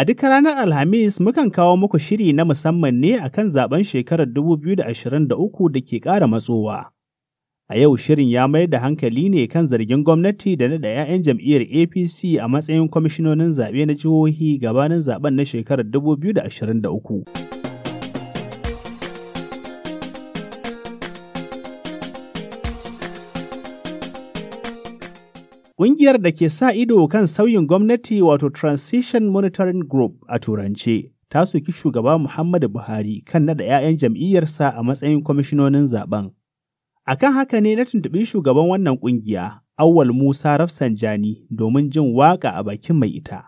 A duk ranar Alhamis mukan kawo muku shiri na musamman ne a kan zaben shekarar 2023 da ke ƙara matsowa. A yau shirin ya mayar da hankali ne kan zargin gwamnati da naɗa 'ya'yan jam'iyyar APC a matsayin kwamishinonin zaɓe na jihohi gabanin zaben na shekarar 2023. ƙungiyar da ke sa ido kan sauyin gwamnati wato Transition Monitoring Group a Turance ta soki shugaba Muhammadu Buhari kan nada 'ya'yan jam'iyyarsa a matsayin kwamishinonin zaben. A kan haka ne na tuntuɓi shugaban wannan ƙungiya, Awwal Musa Rafsanjani, domin jin waƙa a bakin mai ita.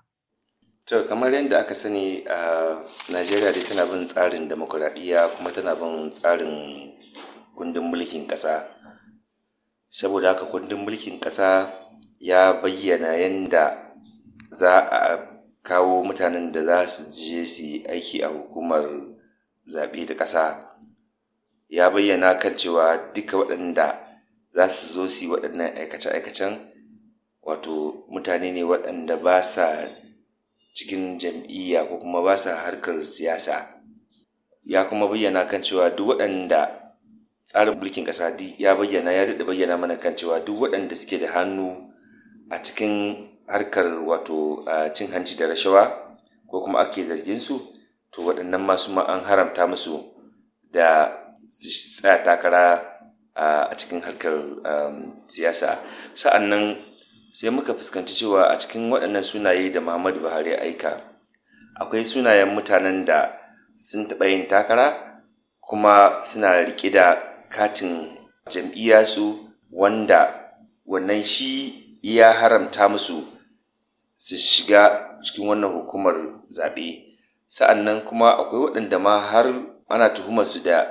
To, kamar yadda aka sani a Najeriya dai tana bin tsarin demokuraɗiyya kuma tana bin tsarin kundin mulkin ƙasa. Saboda haka kundin mulkin ƙasa ya bayyana yadda za a kawo mutanen da za su je su yi aiki a hukumar zaɓe ta ƙasa ya bayyana kan cewa duka waɗanda za su zo su yi waɗannan aikace-aikacen wato mutane ne waɗanda ba sa cikin jam'iyya ko kuma ba sa harkar siyasa ya kuma bayyana kan cewa duk waɗanda tsarin mulkin ƙasa ya bayyana ya daɗa bayyana mana kan cewa duk waɗanda suke da hannu a cikin harkar wato cin hanci da rashawa ko kuma ake zargin su to waɗannan masu ma an haramta musu da tsaya takara a cikin harkar um, siyasa sa'an sai muka fuskanci cewa a cikin waɗannan sunaye da muhammadu buhari aika akwai sunayen mutanen da sun taɓa yin takara kuma suna rike da katin jam'iyya su wanda wannan shi ya haramta musu su shiga cikin wannan hukumar zaɓe sa'an nan kuma akwai waɗanda ma har ana tuhumar su da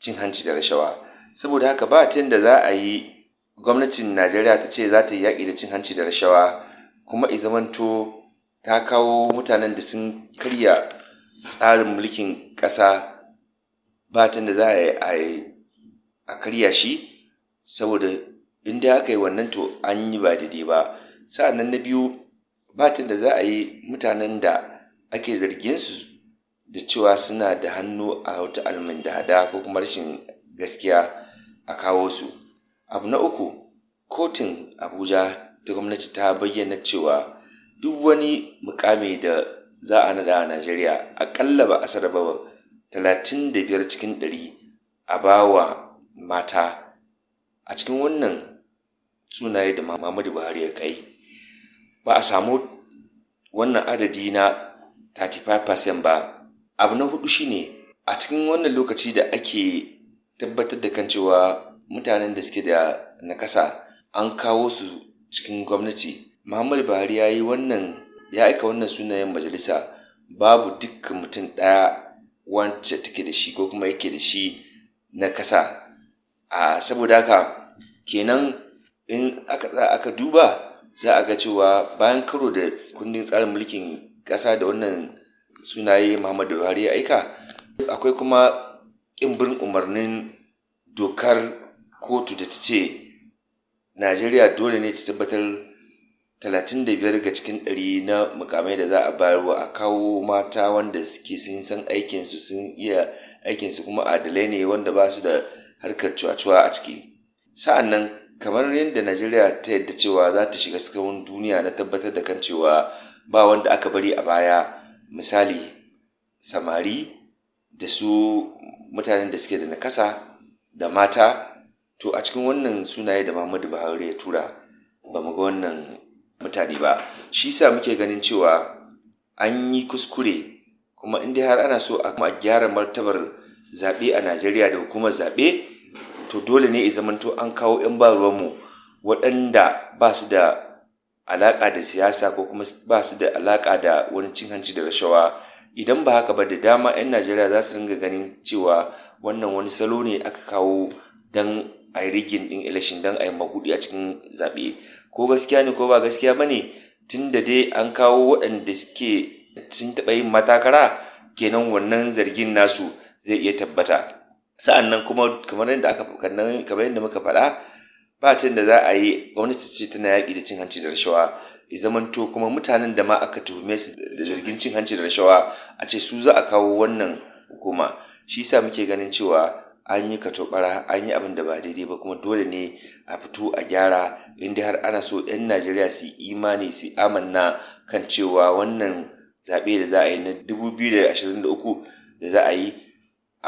cin hanci da rashawa saboda haka ba ta yadda za a yi gwamnatin najeriya ta ce za ta yi yaƙi da cin hanci da rashawa kuma izamanto ta kawo mutanen da sun karya tsarin mulkin ƙasa ba ta yadda za a yi a karya shi saboda in dai aka yi wannan to an yi ba daidai ba sa'annan na biyu batin da za a yi mutanen da ake zargin su da cewa suna da hannu a wata da hada ko kuma rashin gaskiya a kawo su abu na uku kotun abuja ta gwamnati ta bayyana cewa duk wani mukami da za a nada a najeriya akalla ba a saraba talatin da biyar cikin ɗari a bawa mata a cikin wannan sunaye da Muhammadu Buhari ya kai ba a samu wannan adadi na 35% ba abu na hudu shine a cikin wannan lokaci da ake tabbatar da kan cewa mutanen da suke da nakasa an kawo su cikin gwamnati Muhammadu Buhari ya yi wannan ya aika wannan sunayen majalisa babu dukkan mutum ɗaya wacce take da shi ko kuma yake da shi na kasa a saboda haka kenan in aka tsaya aka duba za a ga cewa bayan karo da kundin tsarin mulkin ƙasa da wannan sunaye muhammadu buhari ya aika akwai kuma ƙimbirin umarnin dokar kotu da ta ce najeriya dole ne ta tabbatar 35 ga cikin 100 na mukamai da za a bayarwa a kawo mata wanda suke sun san aikinsu sun iya aikinsu kuma adalai ne wanda ba su da harkar cuwa-cuwa a ciki sa'an nan kamar yadda najeriya ta yadda cewa za ta shiga tsakawun duniya na tabbatar da kan cewa ba wanda aka bari a baya misali samari da su mutanen da suke da nakasa da mata to a cikin wannan sunaye da muhammadu buhari ya tura ba mu ga wannan mutane ba shi sa muke ganin cewa an yi kuskure kuma inda har ana so a gyara martabar zaɓe a najeriya da hukumar zaɓe to dole ne zamanto an kawo 'yan ba ruwanmu waɗanda ba su da alaƙa da siyasa ko kuma ba su da alaƙa da wani cin hanci da rashawa idan ba haka ba da dama 'yan najeriya za su ringa ganin cewa wannan wani salo ne aka kawo don a yi rigin ɗin ilashin don a yi maguɗi a cikin zaɓe ko gaskiya ne ko ba gaskiya ba ne tun da dai an kawo waɗanda suke sun taɓa yin matakara kenan wannan zargin nasu zai iya tabbata sa'an nan kuma kamar yadda aka kamar yadda muka faɗa ba ta da za a yi gwamnati ce tana yaƙi da cin hanci da rashawa ya zamanto kuma mutanen da ma aka tuhume su da zargin cin hanci da rashawa a ce su za a kawo wannan hukuma shi sa muke ganin cewa an yi katobara an yi abin da ba daidai ba kuma dole ne a fito a gyara inda har ana so 'yan najeriya su imani su amanna kan cewa wannan zaɓe da za a yi na 2023 da za a yi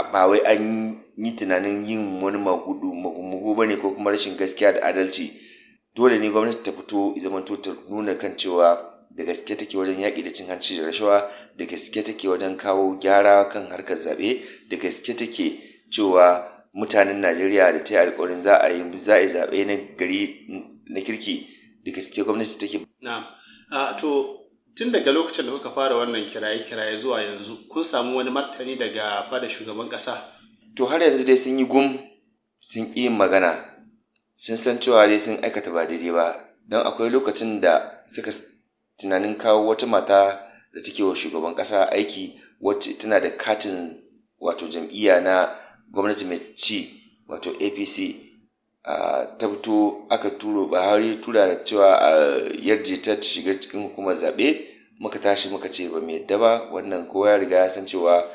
ba wai an yi tunanin yin wani magudu mugu ba ne ko kuma rashin gaskiya da adalci dole ne gwamnati ta fito zamanto ta nuna kan cewa da gaske take wajen yaƙi da cin hanci da rashawa da gaske take wajen kawo gyara kan harkar zaɓe da gaske take cewa mutanen najeriya da ta yi alƙawarin za a yi za a yi zaɓe na gari na kirki da gaske gwamnati take. na ah, to tun daga lokacin da kuka fara wannan kiraye-kiraye zuwa yanzu kun samu wani martani daga fada shugaban ƙasa to har yanzu dai sun yi gum sun yi magana sun san cewa dai sun aikata ba daidai ba don akwai lokacin da suka tunanin kawo wata mata da take wa shugaban ƙasa aiki wacce tana da katin wato jam'iyya na gwamnati mai ci wato apc ta fito aka turo buhari tura da cewa a yarje ta shiga cikin hukumar zaɓe muka tashi muka ce ba mu yadda ba wannan kowa ya riga ya san cewa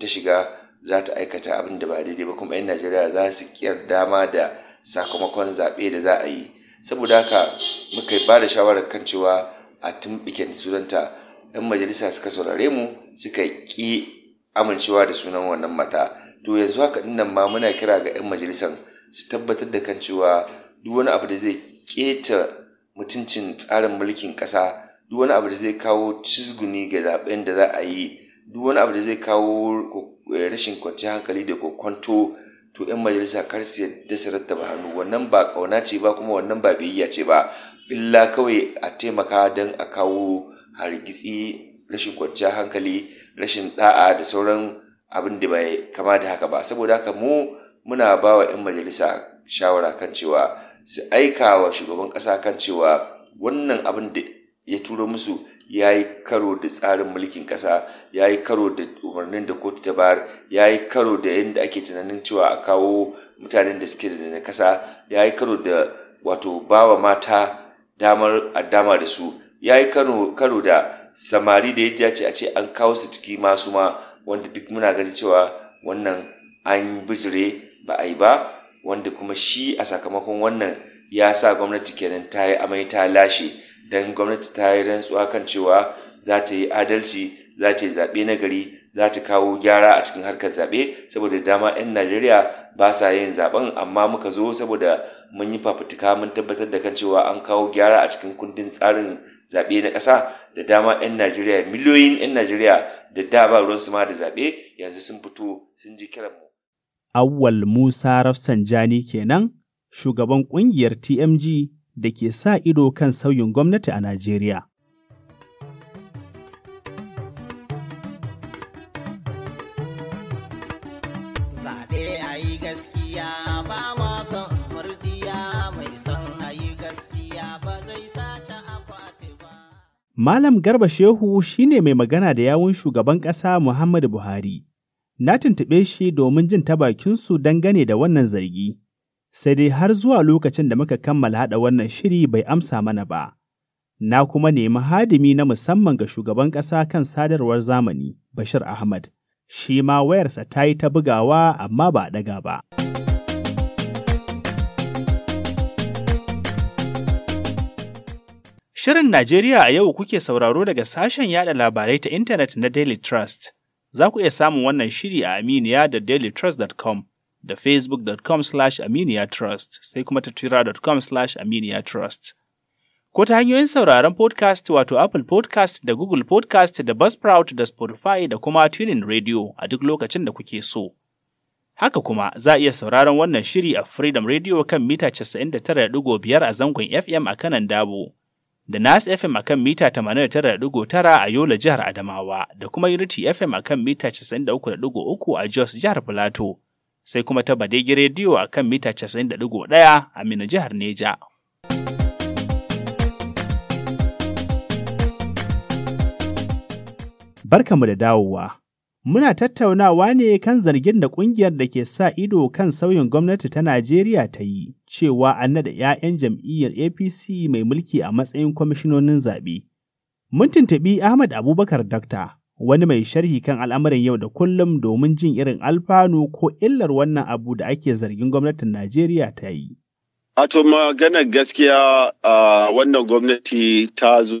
ta shiga za ta aikata abin da ba daidai ba kuma 'yan najeriya za su kiyar dama da sakamakon zaɓe da za a yi saboda haka muka ba da shawarar kan cewa a tumɓike sunanta 'yan majalisa suka saurare mu suka ƙi amincewa da sunan wannan mata to yanzu haka nan ma muna kira ga 'yan majalisan su tabbatar da kan cewa duk wani abu da zai keta mutuncin tsarin mulkin ƙasa duk wani abu da zai kawo cizguni ga zaɓen da za a yi duk wani abu da zai kawo eh, rashin kwanciya hankali da kokwanto to 'yan majalisa kar su yadda su rattaba hannu wannan ba ƙauna ce ba kuma wannan ba biyayya ce ba illa kawai a taimaka don a kawo hargitsi rashin kwanciyar hankali rashin da'a da sauran abin da bai kama da haka ba saboda haka mu muna ba wa 'yan majalisa shawara kan cewa su aika wa shugaban ƙasa kan cewa wannan abin da ya turo musu ya yi karo da tsarin mulkin ƙasa ya yi karo da umarnin da kotu ta bayar ya yi karo da yadda ake tunanin cewa a kawo mutanen da suke da na ƙasa ya yi karo da wato bawa mata damar a dama da su ya yi karo da samari da yadda ya ce a ce an kawo su ciki masu ma wanda duk muna gani cewa wannan an bijire ba a yi ba wanda kuma shi a sakamakon wannan ya sa gwamnati kenan ta yi amai ta lashe don gwamnati ta yi rantsuwa kan cewa za ta yi adalci za ta yi zaɓe na gari za ta kawo gyara a cikin harkar zaɓe saboda dama 'yan najeriya ba sa yin zaɓen amma muka zo saboda mun yi fafutuka mun tabbatar da kan cewa an kawo gyara a cikin kundin tsarin zaɓe na ƙasa da dama 'yan najeriya miliyoyin 'yan najeriya da da ba ruwansu ma da zaɓe yanzu sun fito sun ji kiran mu Awwal Musa Rafsanjani kenan, shugaban ƙungiyar TMG da ke sa ido kan sauyin gwamnati a Najeriya. Malam Garba Shehu shi ne mai magana da yawun shugaban ƙasa Muhammadu Buhari. na tuntuɓe shi domin jin ta bakinsu dangane da wannan zargi, sai dai har zuwa lokacin da muka kammala haɗa wannan shiri bai amsa mana ba. Na kuma nemi hadimi na musamman ga shugaban ƙasa kan sadarwar zamani, Bashir Ahmad, shi ma wayarsa ta yi ta bugawa amma ba a ɗaga ba. Shirin Najeriya a yau kuke sauraro daga sashen yada labarai ta intanet na Daily Trust. Za ku iya samun wannan shiri a Aminiya da dailytrust.com da facebook.com slash aminiyatrust sai kuma ta twitter.com slash aminiyatrust. Ko ta hanyoyin sauraron podcast wato Apple podcast da Google podcast da Buzzsprout da Spotify da kuma Tuning Radio a duk lokacin da kuke so. Haka kuma za a iya sauraron wannan shiri a Freedom Radio kan mita 99.5 a zangon FM a kanan Dabo. da Nas FM a kan mita 89.9 a Yola jihar Adamawa da kuma Unity FM a kan mita 93.3 a Jos jihar Filato, sai kuma ta Badegi Radio a kan mita 90.1 a Mina jihar Neja. Barkanmu da dawowa. Muna tattaunawa ne kan zargin da ƙungiyar da ke sa ido kan sauyin gwamnati ta Najeriya ta yi, cewa an naɗa 'ya'yan jam'iyyar APC mai mulki a matsayin kwamishinonin zaɓe. Mun tuntuɓi Ahmad Abubakar Dakta, wani mai sharhi kan al'amuran yau da kullum domin jin irin alfanu ko illar wannan abu da ake zargin gwamnatin Najeriya ta yi. Ato maganar gaskiya uh, wannan gwamnati ta zo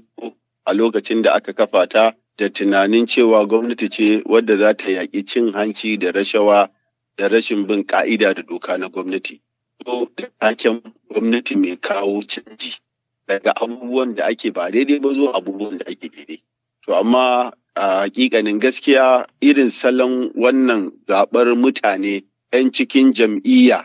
a lokacin da aka kafa ta da tunanin cewa gwamnati ce wadda za ta yaƙi cin hanci da rashawa da rashin bin ƙa'ida da doka na gwamnati. To, taken gwamnati mai kawo canji daga abubuwan da ake ba daidai ba zuwa abubuwan da ake daidai. To, amma a hakikanin gaskiya irin salon wannan zaɓar mutane 'yan cikin jam'iyya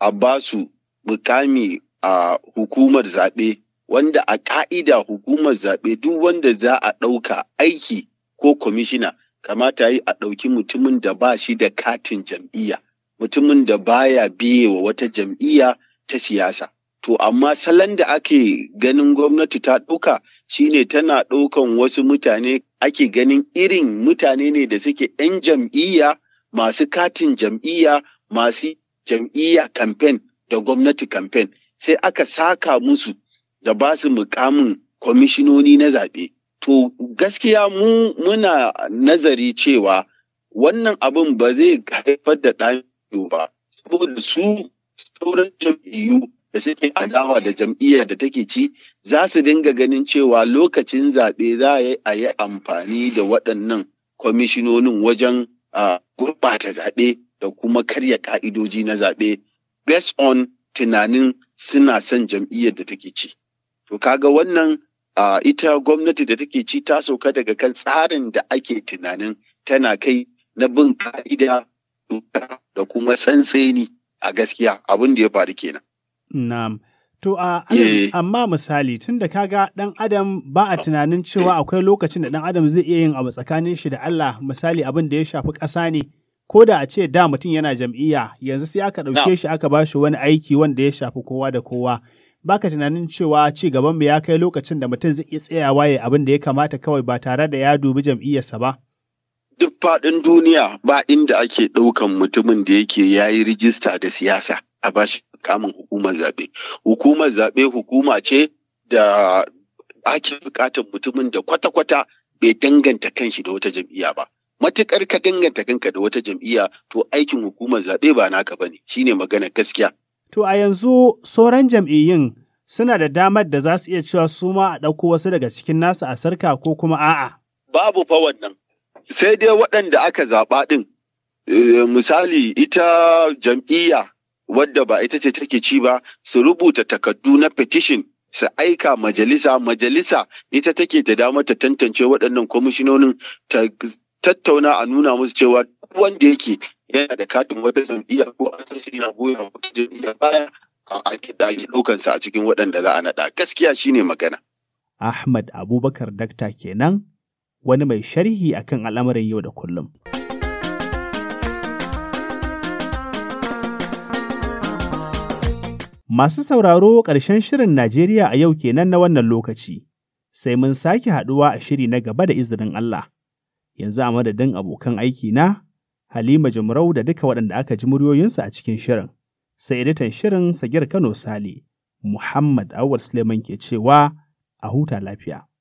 a basu mukami a hukumar zaɓe wanda a ƙa'ida hukumar zaɓe duk wanda za a ɗauka aiki ko kwamishina kamata yi a ɗauki mutumin da ba shi da katin jam'iyya mutumin da baya biye wa wata jam'iyya ta siyasa to amma salon da ake ganin gwamnati ta ɗauka shine tana ɗaukan wasu mutane ake ganin irin mutane ne da suke 'yan jam'iyya masu katin jam'iyya masu jam'iyya kamfen da gwamnati kamfen sai aka saka musu da ba su mukamin kwamishinoni na zaɓe. To gaskiya mu muna nazari cewa wannan abin ba zai haifar da ɗanyo ba, saboda su sauran jam'iyyu da suke adawa da jam'iyyar da take ci za su dinga ganin cewa lokacin zaɓe za a yi amfani da waɗannan kwamishinonin wajen gurɓata zaɓe da kuma karya ka'idoji na zaɓe based on tunanin suna son jam'iyyar da take ci. To kaga wannan uh, ita gwamnati da take ci ta sauka daga kan tsarin da ake tunanin tana kai na bin ka'ida da kuma tsantseni a gaskiya abin da ya faru kenan. Na'am. To a eh. amma misali tun da kaga ɗan adam ba a tunanin cewa akwai lokacin da ɗan adam zai iya yin abu tsakanin shi da Allah misali abin da ya shafi ƙasa ne ko da a ce da mutum yana jam'iyya yanzu sai aka ɗauke shi aka ba shi wani aiki wanda ya shafi kowa da kowa. baka tunanin cewa ci gaban mu ya kai lokacin da mutum zai iya tsayawa ya abin da ya kamata kawai ba tare da ya dubi jam'iyyarsa ba. Duk faɗin duniya ba inda ake ɗaukan mutumin da yake ya yi rijista da siyasa a bashi kamun hukumar zaɓe. Hukumar zaɓe hukuma ce da ake buƙatar mutumin da kwata-kwata bai danganta kanshi da wata jam'iyya ba. Matuƙar ka danganta kanka da wata jam'iyya to aikin hukumar zaɓe ba naka ba ne shine magana gaskiya. To a yanzu sauran jam'iyyun suna da damar da za su iya cewa su ma a ɗauko wasu daga cikin nasu a sarka ko kuma a'a. Babu fa wannan, sai dai waɗanda aka zaɓa ɗin. Eh, misali ita jam'iyya wadda ba ita ce take ci ba su rubuta takardu na petition su aika majalisa majalisa ita take ta damar ta tantance waɗannan kwamishinonin tattauna a nuna musu cewa duk wanda yake yana da katin wata jam'iyya ko a na goya goyon wata jam'iyya baya a ake ɗaukansa a cikin waɗanda za a naɗa gaskiya shine magana. Ahmad Abubakar Dakta kenan wani mai sharhi akan al'amarin yau da kullum. Masu sauraro ƙarshen shirin Najeriya a yau kenan na wannan lokaci, sai mun sake haɗuwa a shiri na gaba da izinin Allah. yanzu a madadin abokan aiki na Halima Jumrau da duka waɗanda aka ji muryoyinsu a cikin shirin, sai editan shirin Sagir Kano Sale, Muhammad Awar Suleiman ke cewa a huta lafiya.